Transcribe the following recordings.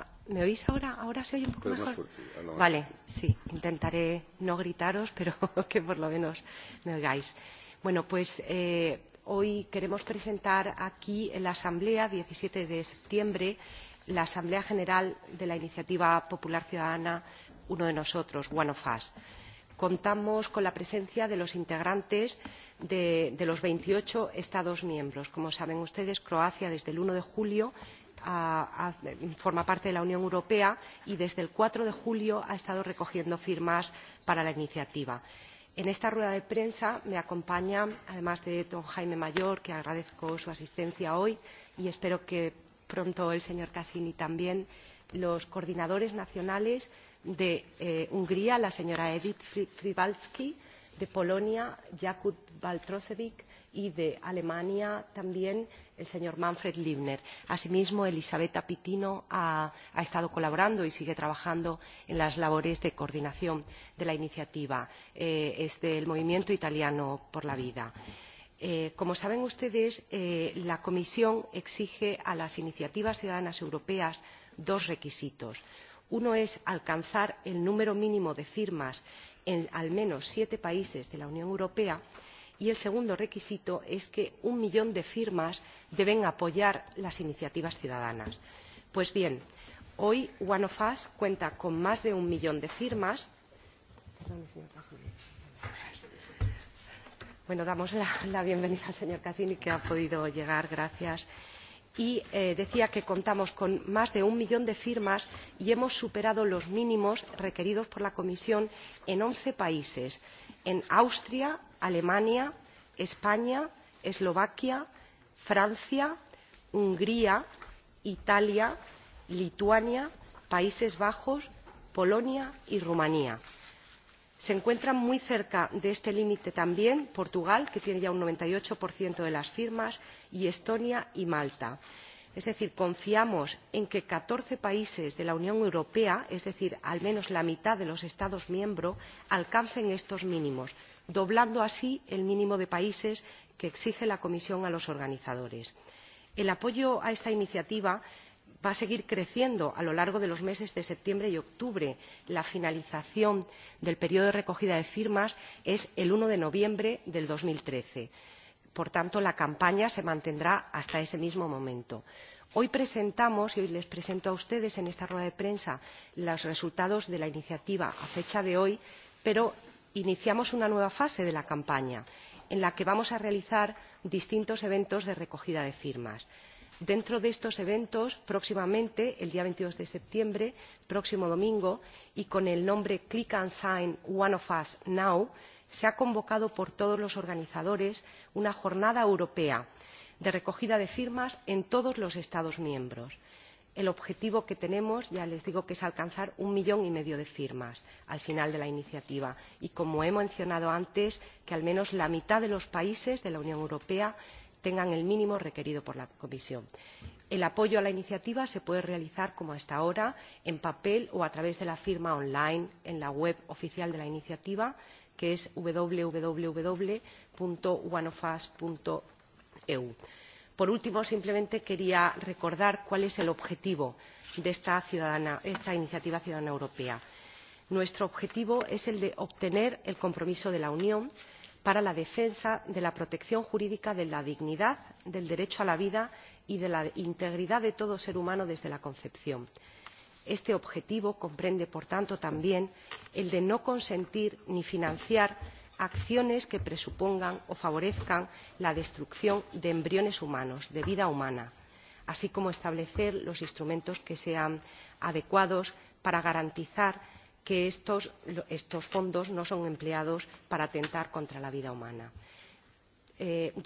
está. ¿Me oís ahora? ¿Ahora se oye un poco mejor? Vale, sí, intentaré no gritaros, pero que por lo menos me oigáis. Bueno, pues eh, hoy queremos presentar aquí en la Asamblea, 17 de septiembre, la Asamblea General de la Iniciativa Popular Ciudadana, uno de nosotros, One of Us. Contamos con la presencia de los integrantes de, de los 28 Estados miembros. Como saben ustedes, Croacia desde el 1 de julio forma parte de la unión europea y desde el cuatro de julio ha estado recogiendo firmas para la iniciativa. en esta rueda de prensa me acompaña además de don jaime mayor que agradezco su asistencia hoy y espero que pronto el señor casini también los coordinadores nacionales de hungría la señora edit fribalski de polonia jakub baltrosewicz y de Alemania también el señor Manfred Liebner. Asimismo, Elisabetta Pitino ha, ha estado colaborando y sigue trabajando en las labores de coordinación de la iniciativa. Eh, es del Movimiento Italiano por la Vida. Eh, como saben ustedes, eh, la Comisión exige a las iniciativas ciudadanas europeas dos requisitos. Uno es alcanzar el número mínimo de firmas en al menos siete países de la Unión Europea y y el segundo requisito es que un millón de firmas deben apoyar las iniciativas ciudadanas. pues bien hoy one of us cuenta con más de un millón de firmas señor bueno damos la bienvenida al señor casini que ha podido llegar gracias a y decía que contamos con más de un millón de firmas y hemos superado los mínimos requeridos por la comisión en once países en austria alemania españa eslovaquia francia hungría italia lituania los países bajos polonia y rumanía se encuentra muy cerca de este límite también portugal que tiene ya un noventa y ocho de las firmas y estonia y malta. es decir confiamos en que catorce países de la unión europea es decir al menos la mitad de los estados miembros alcancen estos mínimos doblando así el mínimo de países que exige la comisión a los organizadores. el apoyo a esta iniciativa va a seguir creciendo a lo largo de los meses de septiembre y octubre. la finalización del periodo de recogida de firmas es el uno de noviembre de dos mil trece por tanto la campaña se mantendrá hasta ese mismo momento. hoy presentamos y hoy les presento a ustedes en esta rueda de prensa los resultados de la iniciativa a fecha de hoy pero iniciamos una nueva fase de la campaña en la que vamos a realizar distintos eventos de recogida de firmas dentro de estos eventos próximamente el día veintidós de septiembre próximo domingo y con el nombre click and sign one of us now se ha convocado por todos los organizadores una jornada europea de recogida de firmas en todos los estados miembros. el objetivo que tenemos ya les digo que es alcanzar un millón y medio de firmas al final de la iniciativa y como he mencionado antes que al menos la mitad de los países de la unión europea tengan el mínimo requerido por la Comisión. El apoyo a la iniciativa se puede realizar, como hasta ahora, en papel o a través de la firma online en la web oficial de la iniciativa, que es www.oneofus.eu. Por último, simplemente quería recordar cuál es el objetivo de esta, esta iniciativa ciudadana europea. Nuestro objetivo es el de obtener el compromiso de la Unión para la defensa de la protección jurídica de la dignidad del derecho a la vida y de la integridad de todo ser humano desde la concepción. este objetivo comprende por tanto también el de no consentir ni financiar acciones que presupongan o favorezcan la destrucción de embriones humanos de vida humana así como establecer los instrumentos que sean adecuados para garantizar que estos, fondos no son empleados para atentar contra la vida humana.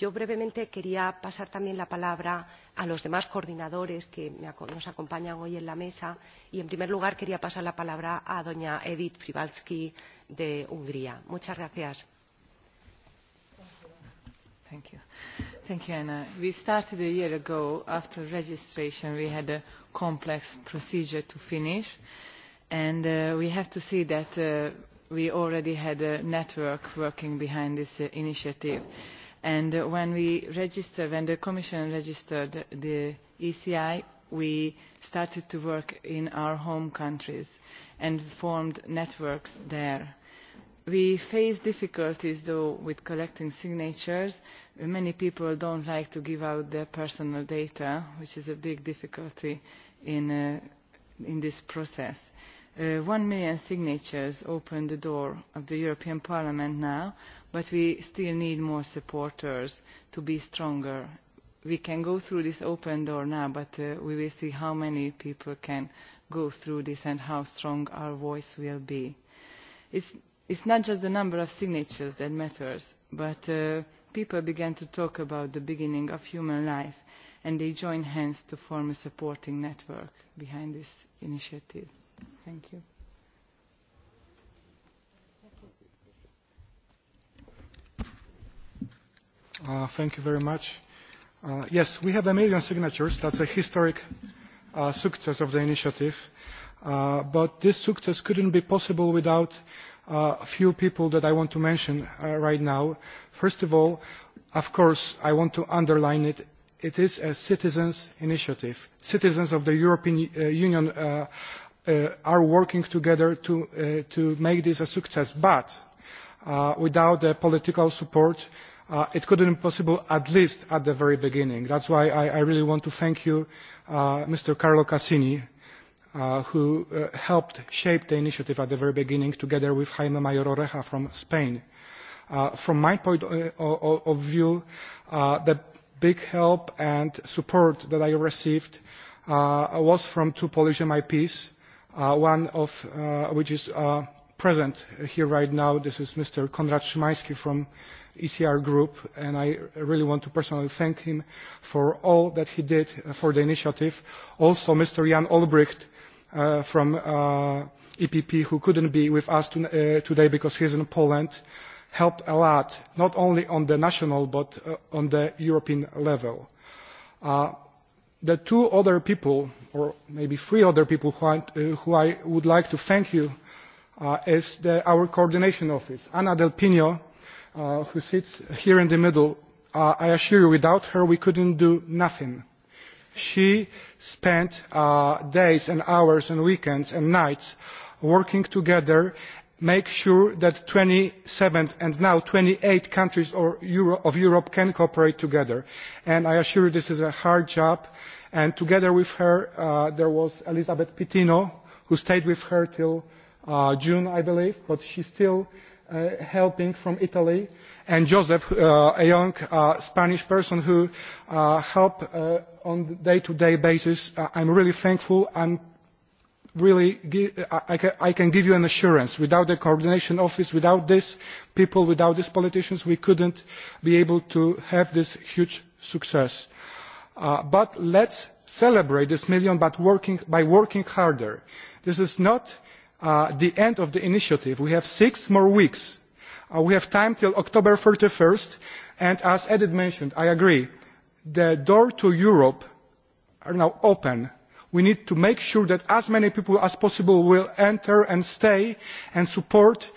yo brevemente quería pasar también la palabra a los demás coordinadores que nos acompañan hoy en la mesa y, en primer lugar, quería pasar la palabra a doña Edith Fribalski de Hungría. Muchas gracias. Thank you. Thank you, Anna. We started a year ago. After registration, we had a complex procedure to finish and we have to see that we already had a network working behind this initiative. And when we registered, when the Commission registered the ECI, we started to work in our home countries and formed networks there. We face difficulties, though, with collecting signatures. Many people don't like to give out their personal data, which is a big difficulty in uh, in this process. Uh, one million signatures open the door of the European Parliament now, but we still need more supporters to be stronger. We can go through this open door now, but uh, we will see how many people can go through this and how strong our voice will be. It's, it's not just the number of signatures that matters, but uh, people began to talk about the beginning of human life and they join hands to form a supporting network behind this initiative. Thank you. Uh, thank you very much. Uh, yes, we have a million signatures. That's a historic uh, success of the initiative. Uh, but this success couldn't be possible without uh, few people that I want to mention uh, right now. First of all, of course, I want to underline it it is a citizens' initiative. Citizens of the European Union are working together to, make this a success, but without the political support, it it not be possible at least at the very beginning. That is why I, really want to thank you, Mr. Carlo Cassini, who helped shape the initiative at the very beginning together with Jaime Mayor Oreja from Spain. from my point of view, the big help and support that I received uh, was from two Polish MIPs, uh, one of uh, which is uh, present here right now. This is Mr. Konrad Szymański from ECR Group, and I really want to personally thank him for all that he did for the initiative. Also, Mr. Jan Olbricht uh, from uh, EPP, who couldn't be with us to, uh, today because he's in Poland. Uh, helped a lot, not only on the national but uh, on the European level. Uh, the two other people, or maybe three other people who I, uh, who I would like to thank you uh, is the, our coordination office, Ana Del Pino, uh, who sits here in the middle. Uh, I assure you, without her, we couldn't do nothing. She spent uh, days and hours and weekends and nights working together make sure that twenty seven and now twenty eight countries of europe can cooperate together and i assure you this is a hard job and together with her there was elisabeth pitino who stayed with her till june i believe but she is still helping from italy and Joseph, a young spanish person who helps on a day to day basis. i am really thankful really I, can give you an assurance without the coordination office without these people without these politicians we could not be able to have this huge success but let us celebrate this million by working harder. this is not the end of the initiative we have six more weeks we have time until october thirty one and as edit mentioned i agree the door to europe is now open we need to make sure that as many people as possible will enter and stay and support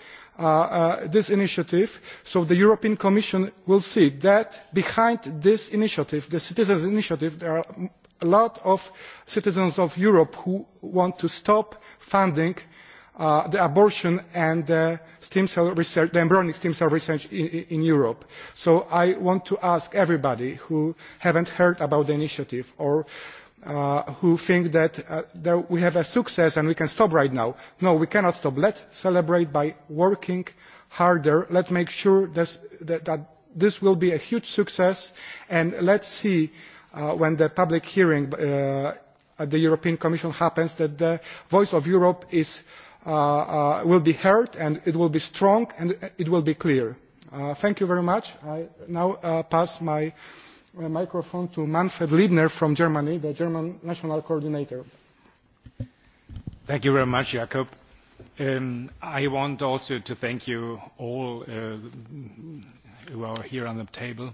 this initiative so the european commission will see that behind this initiative the citizens' initiative there are a lot of citizens of europe who want to stop funding abortion and embryonic stem cell research in europe. so i want to ask everybody who has not heard about the initiative or uh, who think that, uh, that we have a success and we can stop right now. No, we cannot stop. Let's celebrate by working harder. Let's make sure this, that, that this will be a huge success. And let's see uh, when the public hearing uh, at the European Commission happens that the voice of Europe is, uh, uh, will be heard and it will be strong and it will be clear. Uh, thank you very much. I now uh, pass my microphone to Manfred Liebner from Germany, the German national coordinator. Thank you very much, Jakob. Um, I want also to thank you all uh, who are here on the table.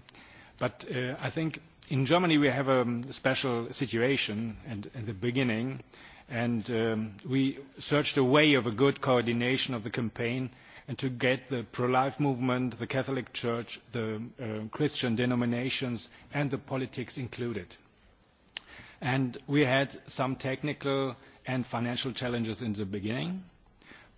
But uh, I think in Germany we have a special situation at, at the beginning, and um, we searched a way of a good coordination of the campaign uh, and to get the pro-life movement, the Catholic Church, the Christian denominations and the politics included. And we had some technical and financial challenges in the beginning,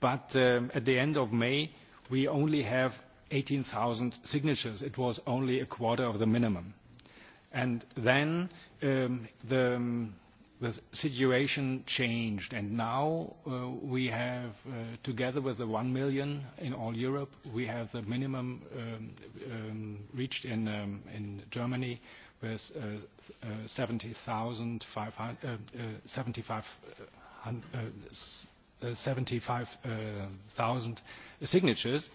but at the end of May we only have 18,000 signatures. It was only a quarter of the minimum. And then the the situation changed, and now uh, we have, uh, together with the one million in all Europe, we have the minimum um, um, reached in um, in Germany with uh, uh, 70,000 uh, uh, 75, uh, signatures,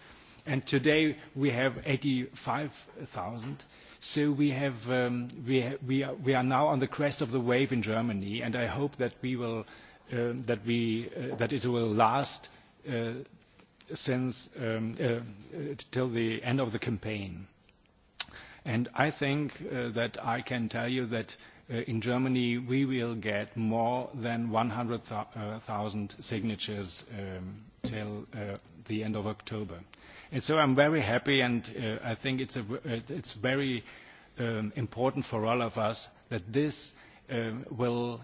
and today we have 85,000 So we have um we ha we are we are now on the crest of the wave in Germany, and I hope that we will um that we uh that it will last uh since um uh till the end of the campaign. And I think uh that I can tell you that in Germany, we will get more than 100,000 signatures till the end of October. And so I'm very happy, and I think it's, a, it's very important for all of us that this will,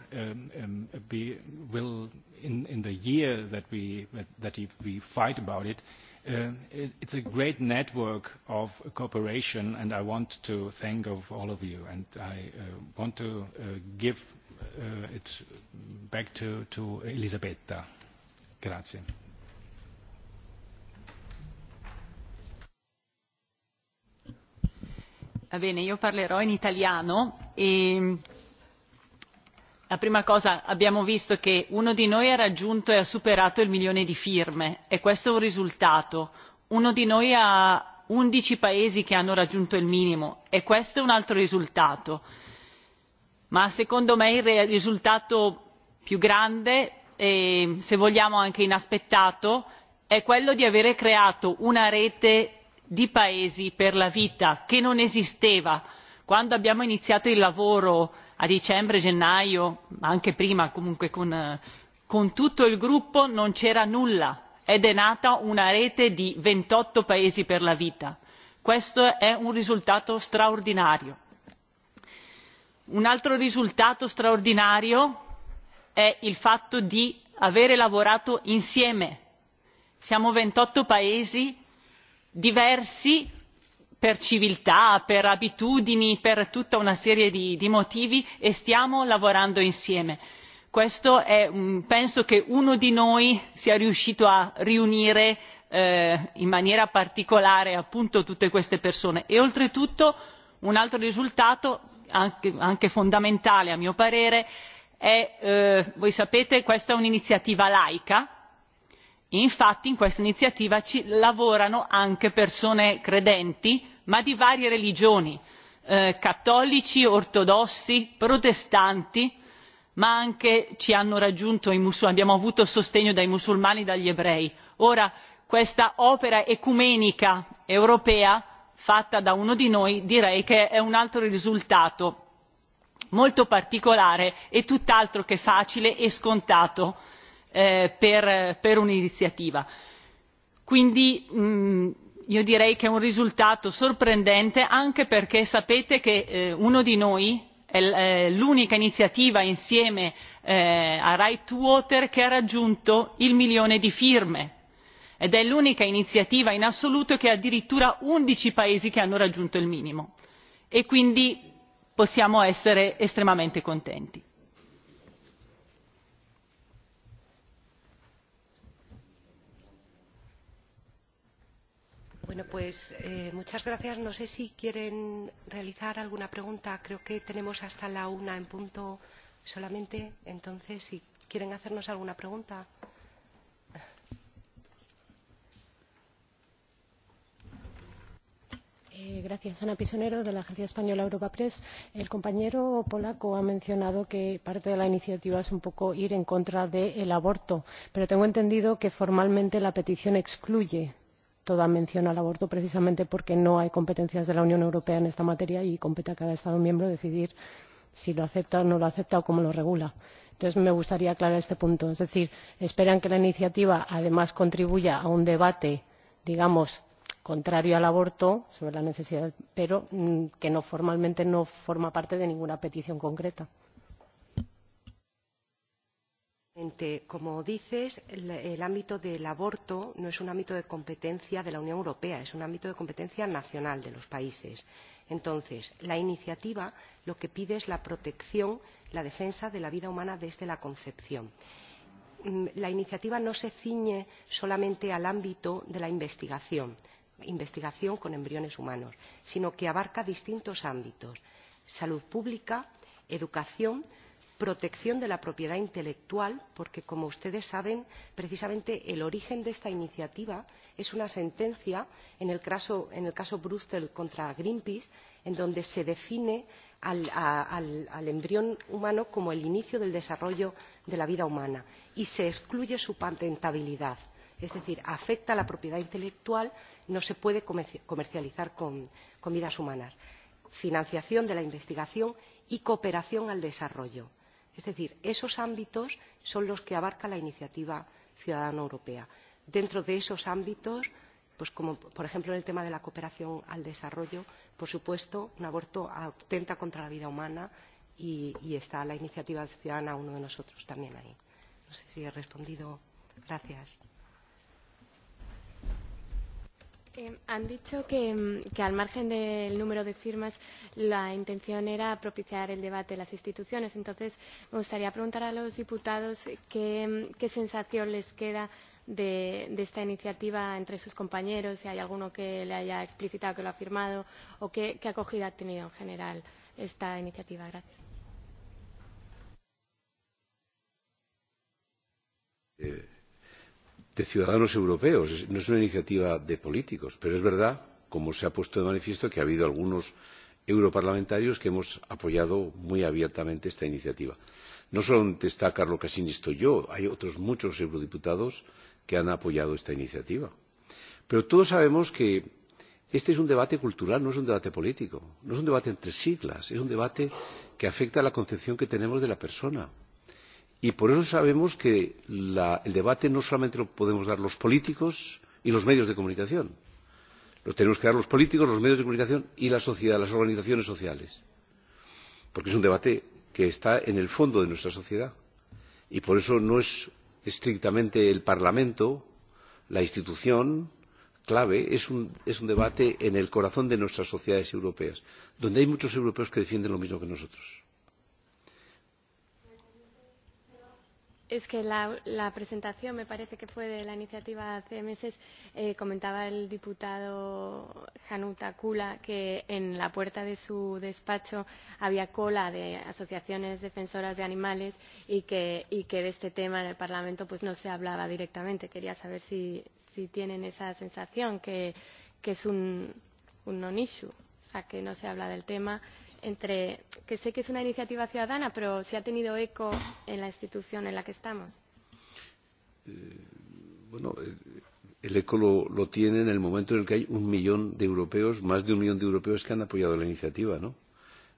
be, will in, in the year that we, that we fight about it, uh, it, it's a great network of cooperation, and I want to thank of all of you. And I uh, want to uh, give uh, it back to, to Elisabetta. Grazie. Va bene, io parlerò in italiano e la prima cosa abbiamo visto che uno di noi ha raggiunto e ha superato il milione di firme e questo è un risultato uno di noi ha undici paesi che hanno raggiunto il minimo e questo è un altro risultato ma secondo me il risultato più grande e se vogliamo anche inaspettato è quello di avere creato una rete di paesi per la vita che non esisteva quando abbiamo iniziato il lavoro a dicembre gennaio ma anche prima comunque con tutto il gruppo non c'era nulla ed è nata una rete di ventotto paesi per la vita questo è un risultato straordinario. un altro risultato straordinario è il fatto di avere lavorato insieme siamo ventotto paesi diversi per civiltà per abitudini per tutta una serie di motivi e stiamo lavorando insieme. questo è penso che uno di noi sia riuscito a riunire in maniera particolare appunto tutte queste persone e oltretutto un altro risultato anche fondamentale a mio parere è voi sapete questa è un'iniziativa laica infatti in questa iniziativa ci lavorano anche persone credenti ma di varie religioni cattolici ortodossi protestanti ma anche ci hanno raggiunto abbiamo avuto sostegno dai musulmani e dagli ebrei. ora questa opera ecumenica europea fatta da uno di noi direi che è un altro risultato molto particolare e tutt'altro che facile e scontato per un'iniziativa. quindi io direi che è un risultato sorprendente anche perché sapete che uno di noi è l'unica iniziativa insieme a right to water che ha raggiunto il milione di firme ed è l'unica iniziativa in assoluto che ha addirittura undici paesi che hanno raggiunto il minimo e quindi possiamo essere estremamente contenti. Bueno, pues eh, muchas gracias. No sé si quieren realizar alguna pregunta. Creo que tenemos hasta la una en punto solamente. Entonces, si quieren hacernos alguna pregunta. Gracias. Ana Pisonero, de la Agencia Española Europa Press. El compañero polaco ha mencionado que parte de la iniciativa es un poco ir en contra del aborto, pero tengo entendido que formalmente la petición excluye toda mención al aborto precisamente porque no hay competencias de la unión europea en esta materia y compete a cada estado miembro decidir si lo acepta o no lo acepta o cómo lo regula. entonces me gustaría aclarar este punto es decir esperan que la iniciativa además contribuya a un debate digamos contrario al aborto sobre la necesidad pero que formalmente no forma parte de ninguna petición concreta. Como dices, el ámbito del aborto no es un ámbito de competencia de la Unión Europea, es un ámbito de competencia nacional de los países. Entonces, la iniciativa lo que pide es la protección, la defensa de la vida humana desde la concepción. La iniciativa no se ciñe solamente al ámbito de la investigación, investigación con embriones humanos, sino que abarca distintos ámbitos salud pública, educación, protección de la propiedad intelectual porque como ustedes saben precisamente el origen de esta iniciativa es una sentencia en el caso brewster contra greenpeace en donde se define al embrión humano como el inicio del desarrollo de la vida humana y se excluye su patentabilidad es decir afecta a la propiedad intelectual no se puede comercializar con vidas humanas financiación de la investigación y cooperación al desarrollo. Es decir, esos ámbitos son los que abarca la iniciativa ciudadana europea. Dentro de esos ámbitos, pues como por ejemplo en el tema de la cooperación al desarrollo, por supuesto, un aborto atenta contra la vida humana y, y está la iniciativa ciudadana, uno de nosotros, también ahí. No sé si he respondido. Gracias. han dicho que, que al margen del número de firmas la intención era propiciar el debate de las instituciones. Entonces, me gustaría preguntar a los diputados qué, qué sensación les queda de, de esta iniciativa entre sus compañeros, si hay alguno que le haya explicitado que lo ha firmado o qué, qué acogida ha tenido en general esta iniciativa. Gracias. Eh de ciudadanos europeos, no es una iniciativa de políticos, pero es verdad, como se ha puesto de manifiesto, que ha habido algunos europarlamentarios que hemos apoyado muy abiertamente esta iniciativa. No solamente está Carlo Casini, estoy yo, hay otros muchos eurodiputados que han apoyado esta iniciativa. Pero todos sabemos que este es un debate cultural, no es un debate político, no es un debate entre siglas, es un debate que afecta a la concepción que tenemos de la persona Y por eso sabemos que el debate no solamente lo podemos dar los políticos y los medios de comunicación. Lo tenemos que dar los políticos, los medios de comunicación y la sociedad, las organizaciones sociales. Porque es un debate que está en el fondo de nuestra sociedad. Y por eso no es estrictamente el Parlamento, la institución clave, es un, es un debate en el corazón de nuestras sociedades europeas, donde hay muchos europeos que defienden lo mismo que nosotros Es que la, la presentación, me parece que fue de la iniciativa hace meses, eh, comentaba el diputado Januta Kula que en la puerta de su despacho había cola de asociaciones defensoras de animales y que, y que de este tema en el Parlamento pues, no se hablaba directamente. Quería saber si, si tienen esa sensación que, que es un, un non-issue, o sea, que no se habla del tema entre que sé que es una iniciativa ciudadana, pero si ha tenido eco en la institución en la que estamos. bueno, el eco lo, lo tiene en el momento en el que hay un millón de europeos, más de un millón de europeos que han apoyado la iniciativa, ¿no?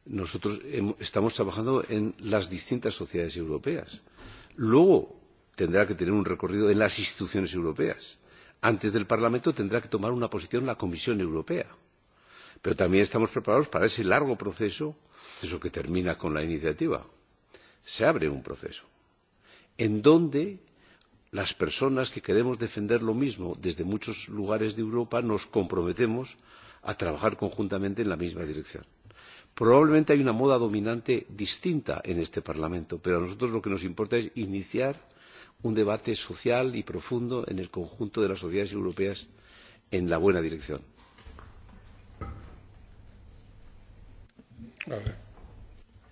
Nosotros estamos trabajando en las distintas sociedades europeas. Luego tendrá que tener un recorrido en las instituciones europeas. Antes del Parlamento tendrá que tomar una posición la Comisión Europea Pero también estamos preparados para ese largo proceso, eso que termina con la iniciativa. Se abre un proceso en donde las personas que queremos defender lo mismo desde muchos lugares de Europa nos comprometemos a trabajar conjuntamente en la misma dirección. Probablemente hay una moda dominante distinta en este Parlamento, pero a nosotros lo que nos importa es iniciar un debate social y profundo en el conjunto de las sociedades europeas en la buena dirección.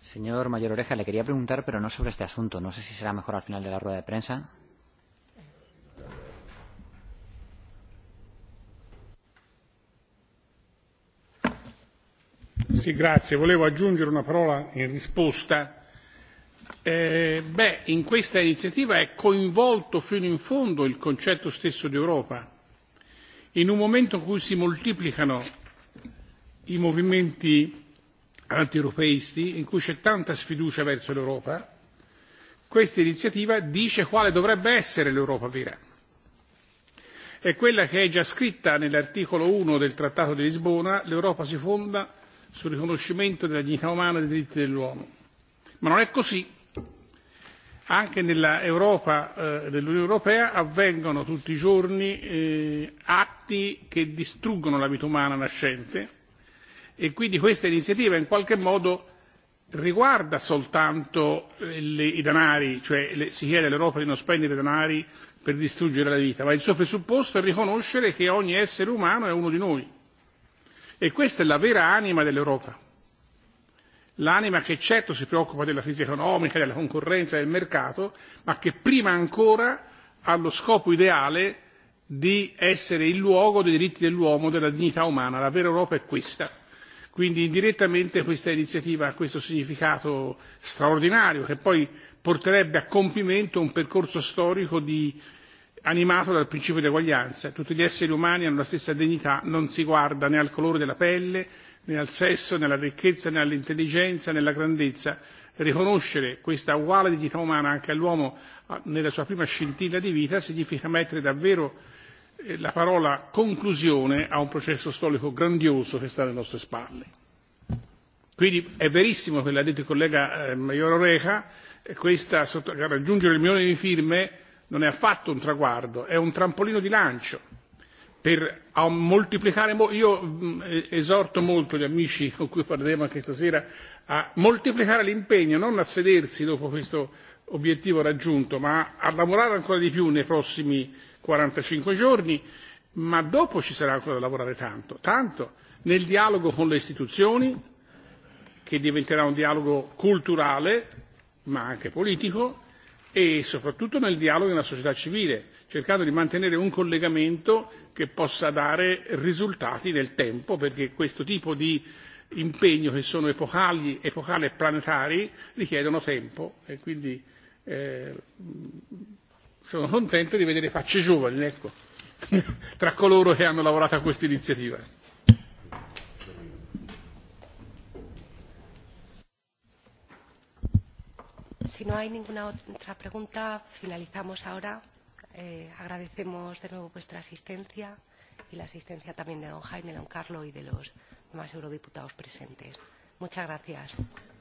Señor Mayor Oreja, le quería preguntar, pero no sobre este asunto. No sé si será mejor al final de la rueda de prensa. Sì, grazie. Volevo aggiungere una parola in risposta. Eh, beh, in questa iniziativa è coinvolto fino in fondo il concetto stesso di Europa. In un momento in cui si moltiplicano i movimenti antieuropeisti in cui c'è tanta sfiducia verso l'Europa, questa iniziativa dice quale dovrebbe essere l'Europa vera. È quella che è già scritta nell'articolo 1 del Trattato di Lisbona, l'Europa si fonda sul riconoscimento della dignità umana e dei diritti dell'uomo. Ma non è così. Anche nell'Europa, eh, dell'Unione Europea avvengono tutti i giorni eh, atti che distruggono la vita umana nascente, e quindi questa iniziativa in qualche modo riguarda soltanto i denari cioè si chiede all'europa di non spendere denari per distruggere la vita ma il suo presupposto è riconoscere che ogni essere umano è uno di noi e questa è la vera anima dell'europa l'anima che certo si preoccupa della crisi economica della concorrenza del mercato ma che prima ancora ha lo scopo ideale di essere il luogo dei diritti dell'uomo della dignità umana la vera europa è questa Quindi indirettamente questa iniziativa ha questo significato straordinario che poi porterebbe a compimento un percorso storico di, animato dal principio di eguaglianza. Tutti gli esseri umani hanno la stessa dignità, non si guarda né al colore della pelle, né al sesso, né alla ricchezza, né all'intelligenza, né alla grandezza. Riconoscere questa uguale dignità umana anche all'uomo nella sua prima scintilla di vita significa mettere davvero la parola conclusione a un processo storico grandioso che sta alle nostre spalle. Quindi è verissimo quello che ha detto il collega Maior Oreja, raggiungere il milione di firme non è affatto un traguardo, è un trampolino di lancio per moltiplicare. Io esorto molto gli amici con cui parleremo anche stasera a moltiplicare l'impegno, non a sedersi dopo questo obiettivo raggiunto, ma a lavorare ancora di più nei prossimi 45 giorni, ma dopo ci sarà ancora da lavorare tanto, tanto nel dialogo con le istituzioni, che diventerà un dialogo culturale, ma anche politico, e soprattutto nel dialogo nella società civile, cercando di mantenere un collegamento che possa dare risultati nel tempo, perché questo tipo di impegno che sono epocali, epocali e planetari richiedono tempo e quindi eh, sono contento di vedere facce giovani ecco, tra coloro che hanno lavorato a questa iniziativa. Si no hay ninguna otra pregunta, finalizamos ahora. Eh, agradecemos de nuevo vuestra asistencia y la asistencia también de don Jaime, don Carlos y de los demás eurodiputados presentes. Muchas gracias.